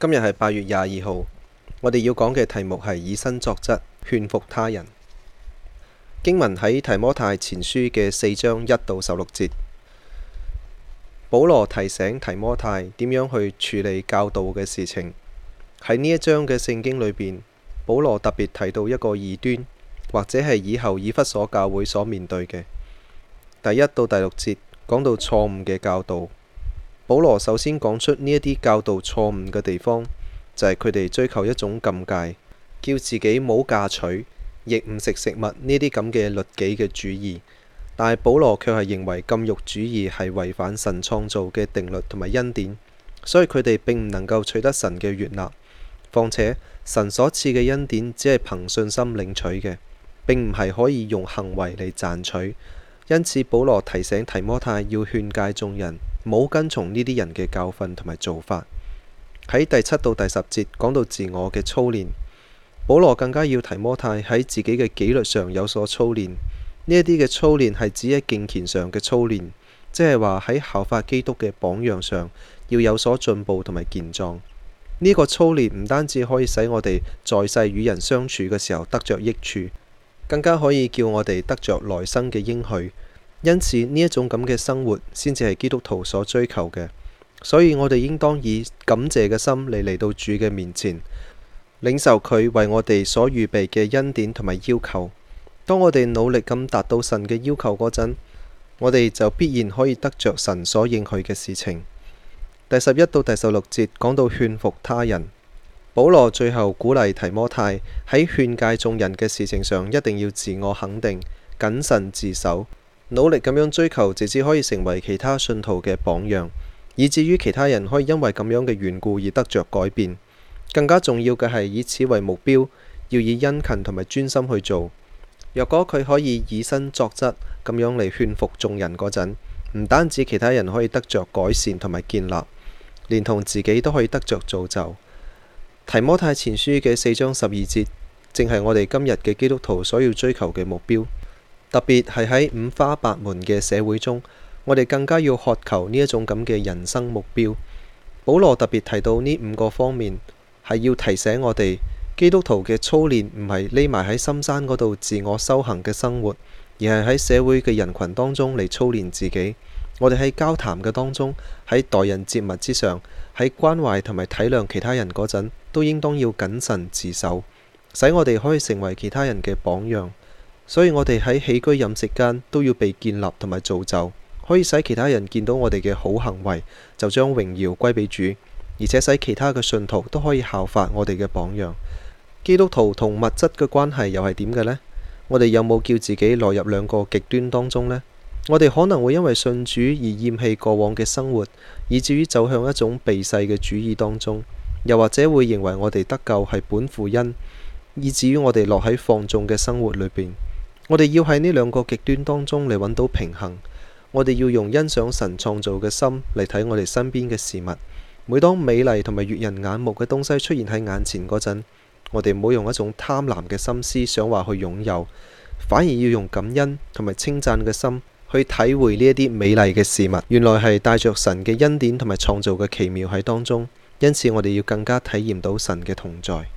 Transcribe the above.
今日係八月廿二號，我哋要講嘅題目係以身作則勸服他人。經文喺提摩太前書嘅四章一到十六節，保羅提醒提摩太點樣去處理教導嘅事情。喺呢一章嘅聖經裏邊，保羅特別提到一個異端，或者係以後以弗所教會所面對嘅。第一到第六節講到錯誤嘅教導。保羅首先講出呢一啲教導錯誤嘅地方，就係佢哋追求一種禁戒，叫自己冇嫁娶，亦唔食食物呢啲咁嘅律己嘅主義。但係保羅卻係認為禁欲主義係違反神創造嘅定律同埋恩典，所以佢哋並唔能夠取得神嘅悦納。況且神所賜嘅恩典只係憑信心領取嘅，並唔係可以用行為嚟賺取。因此保羅提醒提摩太要勸誡眾人。冇跟從呢啲人嘅教訓同埋做法。喺第七到第十節講到自我嘅操練，保羅更加要提摩太喺自己嘅紀律上有所操練。呢一啲嘅操練係指喺敬虔上嘅操練，即係話喺效法基督嘅榜樣上要有所進步同埋健壯。呢、這個操練唔單止可以使我哋在世與人相處嘅時候得着益處，更加可以叫我哋得着來生嘅應許。因此，呢一種咁嘅生活，先至係基督徒所追求嘅。所以，我哋應當以感謝嘅心嚟嚟到主嘅面前，領受佢為我哋所預備嘅恩典同埋要求。當我哋努力咁達到神嘅要求嗰陣，我哋就必然可以得着神所應許嘅事情。第十一到第十六節講到勸服他人，保羅最後鼓勵提摩太喺勸誡眾人嘅事情上，一定要自我肯定，謹慎自守。努力咁樣追求，直至可以成為其他信徒嘅榜樣，以至於其他人可以因為咁樣嘅緣故而得着改變。更加重要嘅係，以此為目標，要以殷勤同埋專心去做。若果佢可以以身作則咁樣嚟勸服眾人嗰陣，唔單止其他人可以得着改善同埋建立，連同自己都可以得着造就。提摩太前書嘅四章十二節，正係我哋今日嘅基督徒所要追求嘅目標。特別係喺五花八門嘅社會中，我哋更加要渴求呢一種咁嘅人生目標。保羅特別提到呢五個方面，係要提醒我哋基督徒嘅操練唔係匿埋喺深山嗰度自我修行嘅生活，而係喺社會嘅人群當中嚟操練自己。我哋喺交談嘅當中，喺待人接物之上，喺關懷同埋體諒其他人嗰陣，都應當要謹慎自守，使我哋可以成為其他人嘅榜樣。所以我哋喺起居飲食間都要被建立同埋造就，可以使其他人見到我哋嘅好行為，就將榮耀歸俾主，而且使其他嘅信徒都可以效法我哋嘅榜樣。基督徒同物質嘅關係又係點嘅呢？我哋有冇叫自己落入兩個極端當中呢？我哋可能會因為信主而厭棄過往嘅生活，以至於走向一種避世嘅主義當中，又或者會認為我哋得救係本乎恩，以至於我哋落喺放縱嘅生活裏邊。我哋要喺呢兩個極端當中嚟揾到平衡。我哋要用欣賞神創造嘅心嚟睇我哋身邊嘅事物。每當美麗同埋悅人眼目嘅東西出現喺眼前嗰陣，我哋唔好用一種貪婪嘅心思想話去擁有，反而要用感恩同埋稱讚嘅心去體會呢一啲美麗嘅事物。原來係帶著神嘅恩典同埋創造嘅奇妙喺當中，因此我哋要更加體驗到神嘅同在。